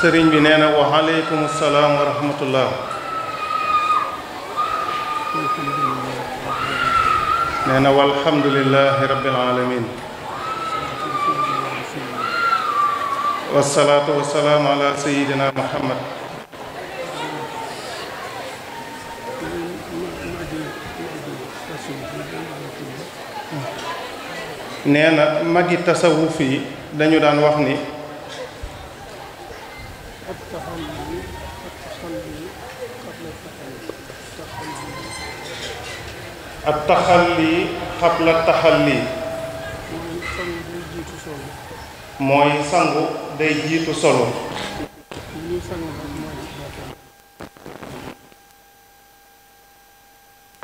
sëriñ bi nee na waaleykum salaam wa rahmatullah nee na walhamdulilahi rabbil alamin wasalaatu wasalaam ala muhammad nee magi tasawuf yi dañu daan wax ni ak taxalli xabla taxalli mooy sangu day jiitu solo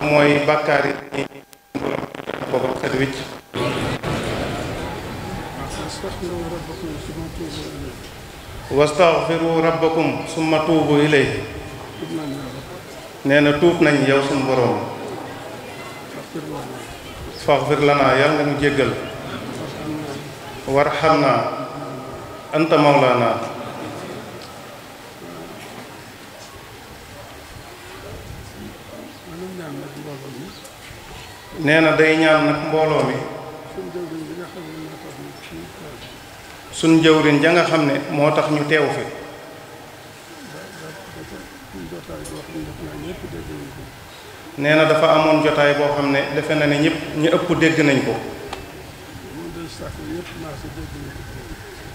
mooy bàkkaar yi ko ba set wicc wastaxfiru rabbakum summa tuubu ilay nee na tuub nañ yow suñu boroom faxfir lanaa yàlla nga ñu jéggal warhamnaa anta mawlaanaa nee na day ñaan nag mbooloo mi suñ jëwriñ ja nga xam ne moo tax ñu teew fi nee na dafa amoon jotaay boo xam ne defe na ne ñëpp ñu ëpp dégg nañ ko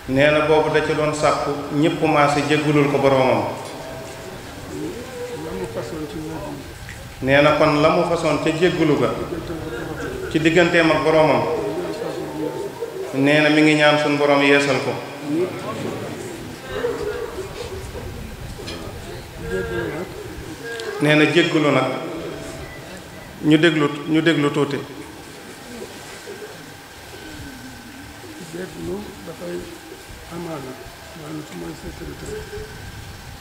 nee na boobu da ci doon sàkku ñépp maase jéggulul ko boroomam nee na kon la mu façon ca jéggulu ga ci digganteem ak boroomam nee na mi ngi ñaan suñ boroom yeesal ko nee na jéggulu nag ñu déglu ñu déglu tuuti. déglu dafay amaana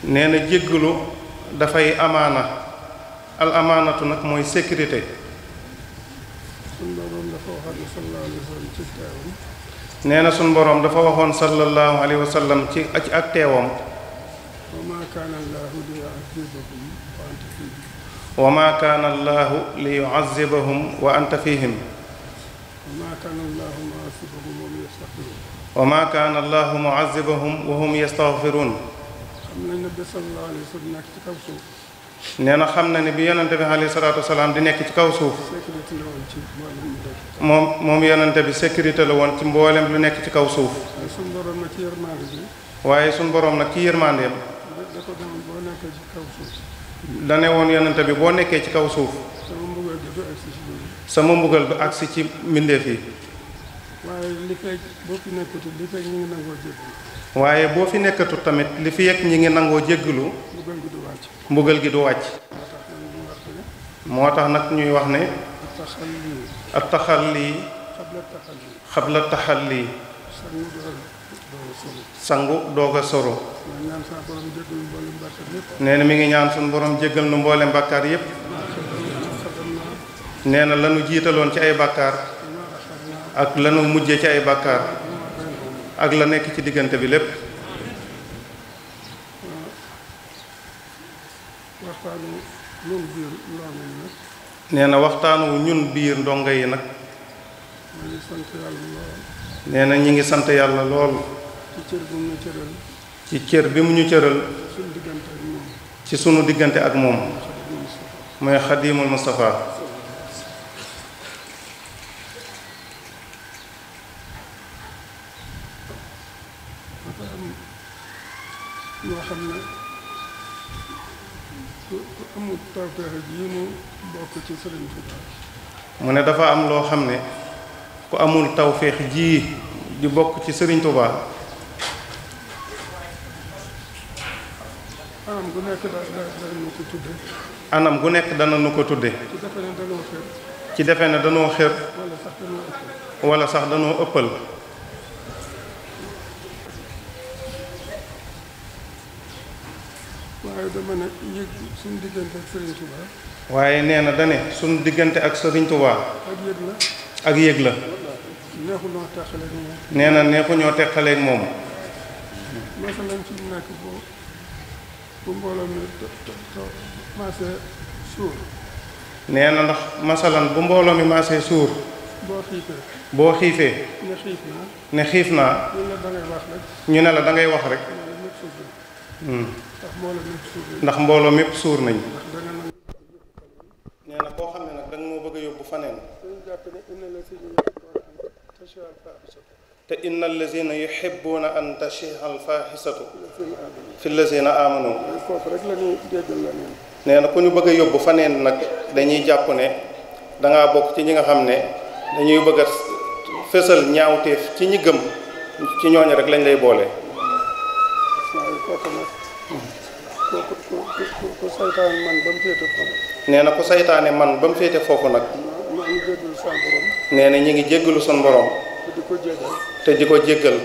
nee na jéggalu dafay amaana al amaanatu nag mooy sécurité. sunu nee na sunu boroom dafa waxoon sallallahu alayhi wa ci ak teewam. wa maa kaana allaahu li yuazibahum wa anta fihim wa maa kaana allaahu muazibahum wa hum yastaghfiruun nee na xam na ne bi yonente bi alayhi salaatu wasalaam di nekk ci kaw suuf moom moom yonente bi sécurité la woon ci mboolem lu nekk ci kaw suuf waaye suñ boroom nag ci yërmandeem dane woon yonente bi boo nekkee ci kaw suuf sama mbugal du agsi ci mbindeef yi waaye li boo fi nekkatul tamit li fi yegg ñi ngi nangoo jéggalu mbugal gi du wàcc moo tax nag ñuy wax ne taxal lii la taxal lii sangu doog a soro nee na mi ngi ñaan suñ boroom jéggal nu mboolem bàkkaar yépp nee na lanu jiitaloon ci ay bàkkaar ak lanu mujj ci ay bàkkaar ak la nekk ci diggante bi lépp nee na waxtaan wu ñun biir ndongo yi nag nee na ñi ngi sant yàlla lool ci cër bi mu ñu cëral ci sunu diggante ak moom mooy xadimul Moustapha ñoo xam ne mu ne dafa am loo xam ne ku amul tawféex ji di bokk ci sëriñ Touba. anam gu nekk dana ko tudde nu ko tudde ci defe na danoo xër wala sax danoo ëppal waaye nee na dane suñu diggante ak Serigne Touba. ak yëg la ak yëg neexu ñoo teqaleeg moom. moom. bu mbooloo mi na ndax masalan bu mbooloo mi maasee suur. boo xiifee. boo xiifee. ne xiif naa. ñu ne la dangay wax rek. ñu hmm. ndax mbooloo mépp suur nañ. nee na koo xam ne nag danga moo bëgg a yóbbu faneen. te inna allazina yuhibbuna an tashiha alfahisatu fi allazina amanu nee na ku ñu bëgg a yóbbu faneen nag dañuy jàpp ne dangaa bokk ci ñi nga xam ne dañuy bëgg a fësal ñaawteef ci ñi gëm ci ñooñu rek lañ lay boole. nee na ku seytaane man ba mu féete foofu nag. nee na ñu ngi jéggalu son boroom te di ko jéggal.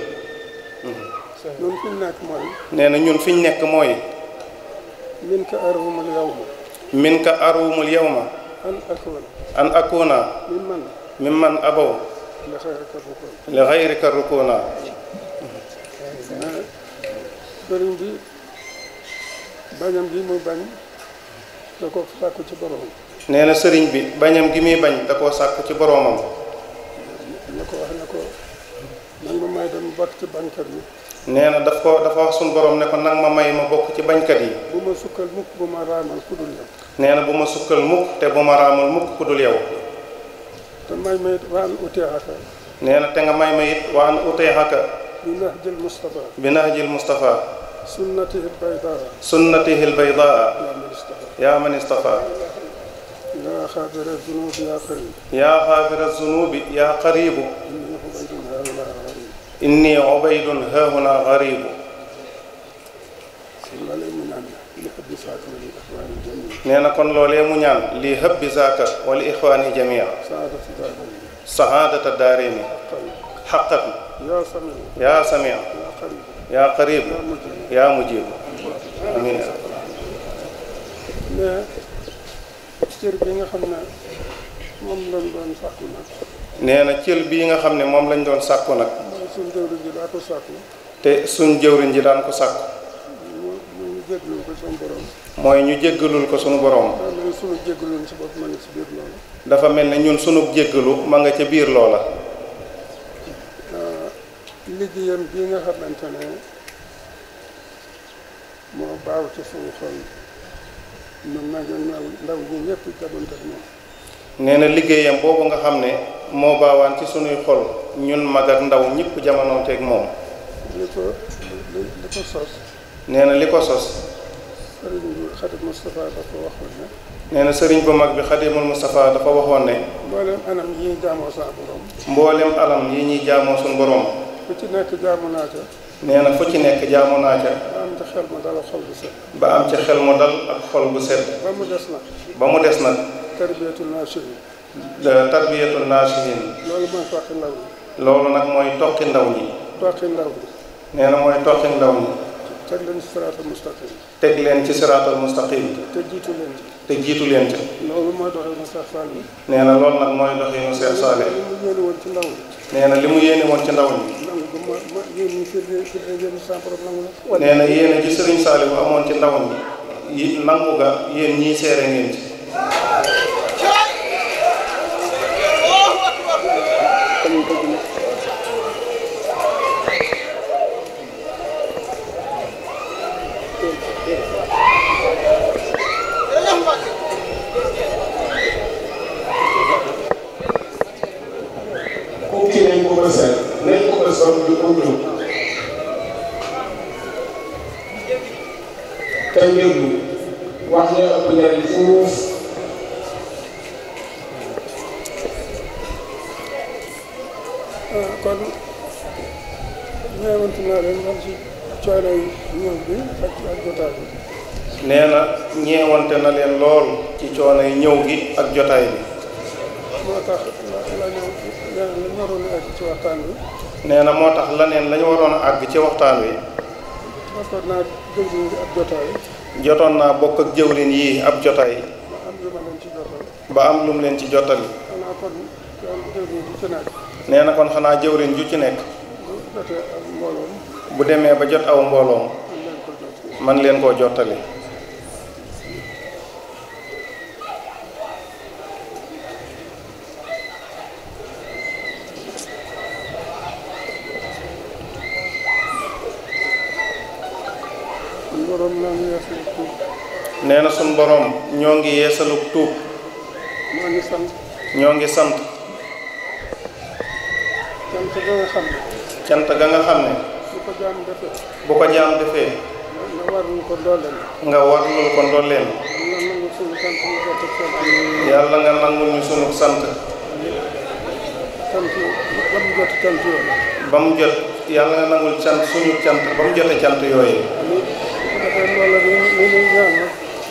te ñun fi nekk mooy. nee na ñun fi ñu nekk mooy. min ka arumul yawma. min an akuna. an akuna. mimman. mimman abaw. li xayrika rukuna. li xayrika sëriñ bi bañam gi muy bañ da ko sàkku ci boroomam. nee sëriñ bi bañam gi muy bañ da koo sàkku ci boroomam. may dama bokk ci bañkat nee na daf ko suñu borom ne ko nag ma ma bokk ci bañkat yi. bu ma nee na bu ma sukkal mukk te bu ma raamal mukk ku dul yow. na te nga may ma it waan uteexaka. bi nahjil Mustafa. bi nahjil Mustafa. sunnatihi lbaydaa. sunnatihi lbaydaa. yaa man istafa. yaa xaafira zunubi yaa qaribu. inni ubaydun haahuna garibu nee na kon loolee mu ñaan li habbi zaaka wala ixwaani jamia sahaadata daarini xaqat yaa samia yaa qarib yaa mujib amin cër bi nga xam ne moom lañ doon sàkku nag nee na cër nga xam ne moom lañ doon sàkku nag suñ jëwriñ ji te suñ jëwriñ ji daan ko sàkku mooy ñu jéggalul ko suñu borom dafa mel ne ñun suñu jéggalu ma nga ca biir loola liggéeyam bii nga xamante ne moo baaw ci suñu xol mën liggéeyam boobu nga xam ne moo baawaan ci suñuy xol ñun mag ak ndaw ñëpp jamonoonteeg moom. li ko li ko sos. nee na li ko sos. sëriñ bi Xadim Moustapha dafa waxoon ne. na sëriñ bu mag bi Xadimul Moustapha dafa waxoon ne. mboolem anam yi ñuy jaamoo sa borom. mboolem yi ñuy jaamoo suñu borom. fu ci nekk jaamu naa ca. na fu ci nekk jaamu naa ca. ba am ci xel mu dal ak xol bu set. ba am mu des nag. ba mu des nag. tarbiyatul naasihin. tarbiyatul naasihin. loolu mooy fàq ndaw ñi. loolu nag mooy toqi ndaw ñi. tokki ndaw nee na mooy tokki ndaw ñi. teg leen ci siraatal mustaqim. teg ci siraatal mustaqim. te jiitu leen ci. te jiitu leen ci. loolu mooy doxalinu Seex Saaliw. nee na loolu nag mooy doxalinu Seex li mu yéene ci ndaw ñi. nee na li mu yéene woon ci ndaw ñi. nee na yéene ci Sëriñ amoon ci ndaw ñi. nangu ga yéen ñii seere ngeen ci. nañ ko bësal nañ ko ah, kon ñeewantu naa leen man ci coono ñëw bi ak jotaay bi nee na ñeewante na leen lool ci coono yi ñëw gi ak jotaay bi waroon ci waxtaan wi. nee na moo tax leneen la ñu waroon a àgg ci waxtaan wi. jotoon naa bokk ak jëwriñ yi ab jotaay. ba am lu leen ci jottali. nee na kon xanaa jëwriñ ju ci nekk. bu demee ba jot aw mbooloom. man leen koo jottali. borom ñoo ngi nee na sunu borom ñoo ngi yeesalu tuub. ñoo ngi sant. ñoo ngi sant. cant ga nga xam ne. nga xam ne. bu ko jaam defee. bu ko nga war lu ko dooleel. nga war lu ko dooleel. yàlla nga nangu ñu sunu sant. ba mu jot cant yooyu. ba mu jot yàlla nga nangul cant suñu cant ba mu jotee cant yooyu.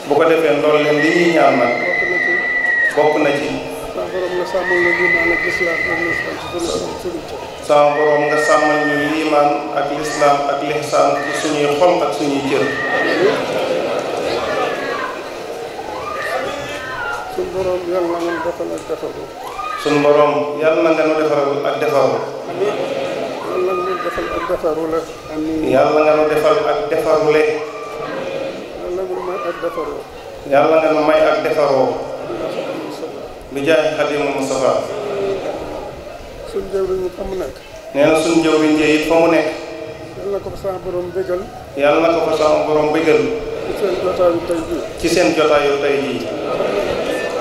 bu ko defee loolu leen li ñuy na ci sama borom nga sàmmal ñu ak lislaam ak lixsaan ci suñuy xol ak suñuy cër suñ na nga nu defaral ak defaru la yàlla nga nu defaroo yàlla na nu may ak defaroo bi jaay xadimu Mustafa suñ jëwriñ fa mu nekk nee na suñ jëwriñ jee it fa mu nekk yàlla na ko fa sama borom yàlla na ko fa sama borom ci seen jotaayu tey jii ci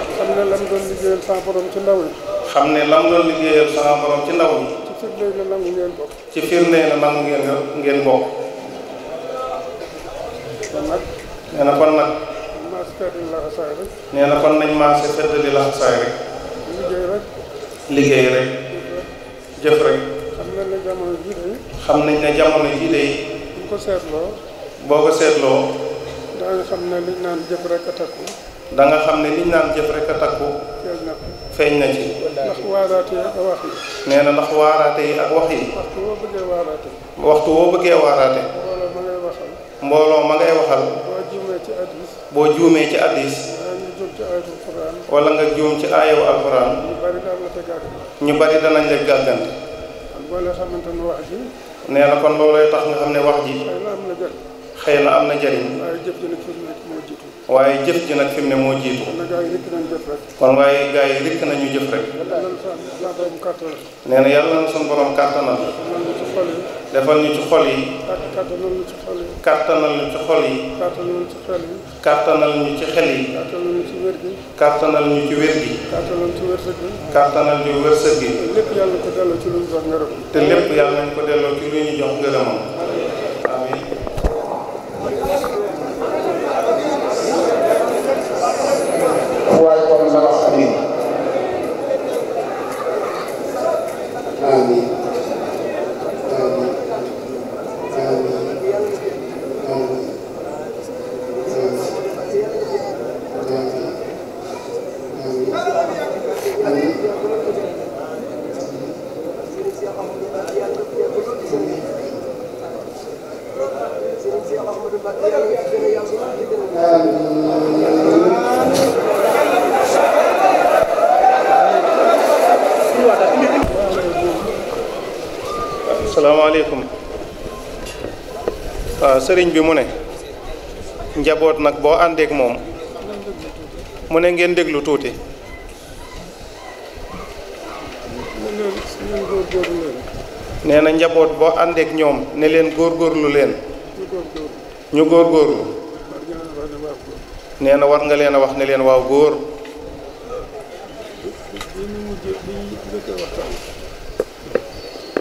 xam ne lam doon liggéeyal sama ci ndaw yi xam ne lam doon liggéeyal sama ci ndaw yi ci firnde na nangu ngeen bokk ci firnde na nee na kon nag. nañ maase fedd di laxasaay rek. liggéey rek. jëf rek. xam nañ ne jamono jii de. boo ko seetloo. boo ko seetloo. da xam ne liñ naan jëf rek a takku. da nga xam ne liñ naan jëf rek a takku. feeñ na ci. ndax na ndax waaraate yi ak wax yi. waxtu woo bëggee waaraate. mbooloo ma ngay waxal. boo juumee ci addis wala nga juum ci aayawu alxuraan ñu bari danañ la gàggante nee na kon loolay tax nga xam ne wax ji xëy na am na njariñ waaye jëf ji nag fi mu ne moo jiitu kon waaye gars yi rikk nañu jëf rek nee na yàlla na suñ borom kàttanal defal ñu ci xol yi. kàttanal ñu ci xol yi. kàttanal ñu ci ñu ci xel yi. kàttanal ñu ci xel yi. kàttanal wér gi. kàttanal ñu ci wér gi. kàttanal ñu ci wërsëg gi. kàttanal ñu wërsëg gi. te lépp yàlla nañ ko delloo ci lu ñu jox ngërëm. salaamaaleykum waaw ah, sëriñ bi mu ne njaboot nag boo àndeek moom mu ne ngeen déglu tuuti nee na njaboot boo àndeek ñoom ne leen góor góorgóorlu leen ñu góorgóorlu nee na war nga leen wax ne leen waaw góor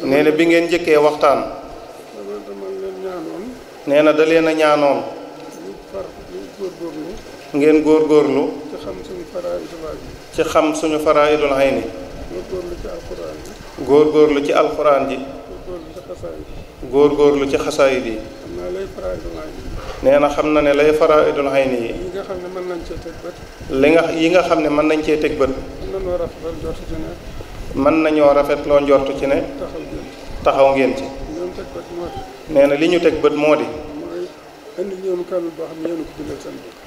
nee bi ngeen njëkkee waxtaan nee na da leen ñaanoon ngeen góorgóorlu ci xam suñu faraa'idul ayni góorgóorlu ci alxuraan ji góorgóorlu ci xasaayid yi nee na xam na ne lay faraa'idul ayni yi li nga yi nga xam ne mën nañ cee teg bët mën nañoo loo njort ci ne taxaw ngeen ci na li ñu teg bët moo di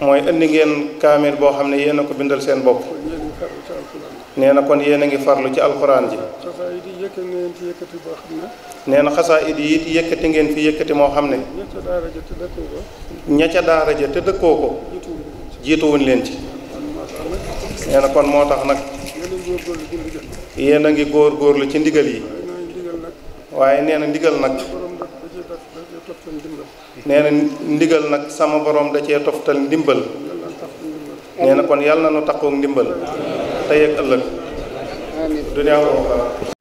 mooy indi ngeen kaamil boo xam ne yéen a ko bindal seen bopp nee na kon yéen a ngi farlu ci alxuraan ji nee na xasaayid yi it ngeen fi yëkkati moo xam ne ña ca daara ja te dëkkoo ko jiituwuñ leen ci nee kon moo tax nag yéen a ngi góor góorlu ci ndigal yi waaye nee na ndigal nag nee na ndigal nag sama borom da cee toftal ndimbal nee na kon yàlla na nu taxoog ndimbal tey ak ëllëg